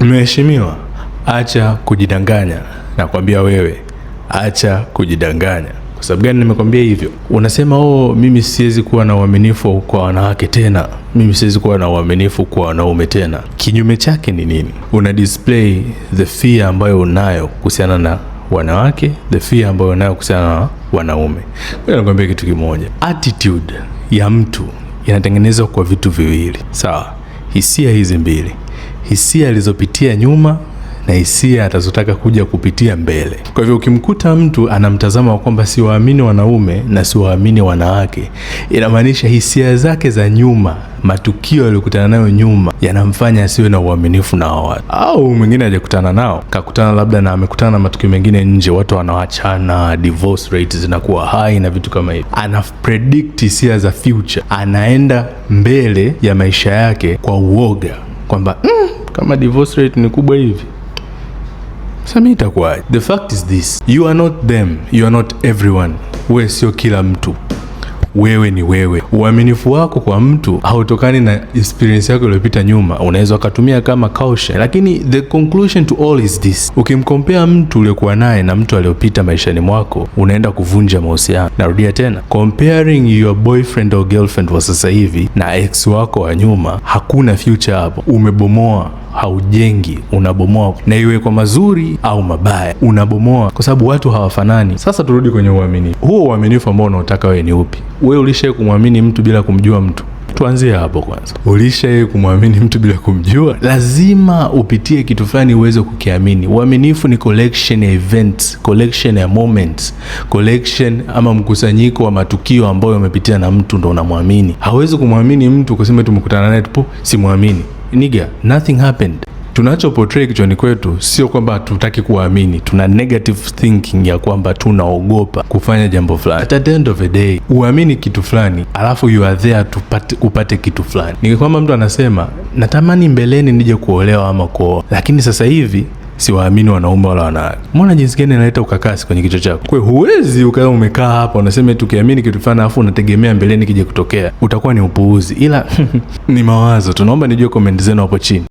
Mheshimiwa, acha kujidanganya. Nakwambia wewe, acha kujidanganya. Kwa sababu gani nimekwambia hivyo? Unasema oh, mimi siwezi kuwa na uaminifu kwa wanawake tena, mimi siwezi kuwa na uaminifu kwa wanaume tena. Kinyume chake ni nini? Una display the fear ambayo unayo kuhusiana na wanawake, the fear ambayo unayo kuhusiana na wanaume. Nakwambia kitu kimoja, attitude ya mtu inatengenezwa kwa vitu viwili, sawa? hisia hizi mbili, hisia alizopitia nyuma na hisia atazotaka kuja kupitia mbele. Kwa hivyo ukimkuta mtu anamtazama kwamba siwaamini wanaume na siwaamini wanawake, inamaanisha hisia zake za nyuma, matukio aliyokutana nayo nyuma yanamfanya asiwe na uaminifu na watu, au mwingine hajakutana nao, kakutana labda na amekutana na matukio mengine nje, watu wanawachana, divorce rates zinakuwa high na vitu kama hivyo. Ana predict hisia za future, anaenda mbele ya maisha yake kwa uoga kwamba mm, kama divorce rate ni kubwa hivi Sami itakuwaje? The fact is this, you are not them, you are not everyone. We sio kila mtu wewe ni wewe. Uaminifu wako kwa mtu hautokani na experience yako iliyopita nyuma, unaweza ukatumia kama caution, lakini the conclusion to all is this: ukimkompea mtu uliokuwa naye na mtu aliyopita maishani mwako unaenda kuvunja mahusiano. Narudia tena, comparing your boyfriend or girlfriend wa sasa hivi na ex wako wa nyuma, hakuna future hapo. Umebomoa, haujengi, unabomoa, na iwe kwa mazuri au mabaya, unabomoa kwa sababu watu hawafanani. Sasa turudi kwenye uaminifu huo. Uaminifu ambao unaotaka wewe ni upi? wewe ulishae kumwamini mtu bila kumjua mtu? Tuanzie hapo kwanza. ulishae kumwamini mtu bila kumjua? Lazima upitie kitu fulani uweze kukiamini. Uaminifu ni collection ya events, collection ya moments, collection ama mkusanyiko wa matukio ambayo umepitia na mtu ndo unamwamini. Hawezi kumwamini mtu kusema tumekutana naye tupo, simwamini. Niga, nothing happened tunacho kichwani kwetu sio kwamba hatutaki kuamini, tuna negative thinking ya kwamba tunaogopa kufanya jambo fulani. At the end of the day, uamini kitu fulani alafu you are there pat, upate kitu fulani. Ni kwamba mtu anasema natamani mbeleni nije kuolewa ama kuoa, lakini sasa hivi siwaamini wanaume wala wanawake. Mbona jinsi gani inaleta ukakasi kwenye kichwa chako? Kwa huwezi ukawa umekaa hapa unasema eti ukiamini kitu fulani alafu unategemea mbeleni kije kutokea, utakuwa ni upuuzi. Ila ni mawazo. Tunaomba nijue comment zenu hapo chini.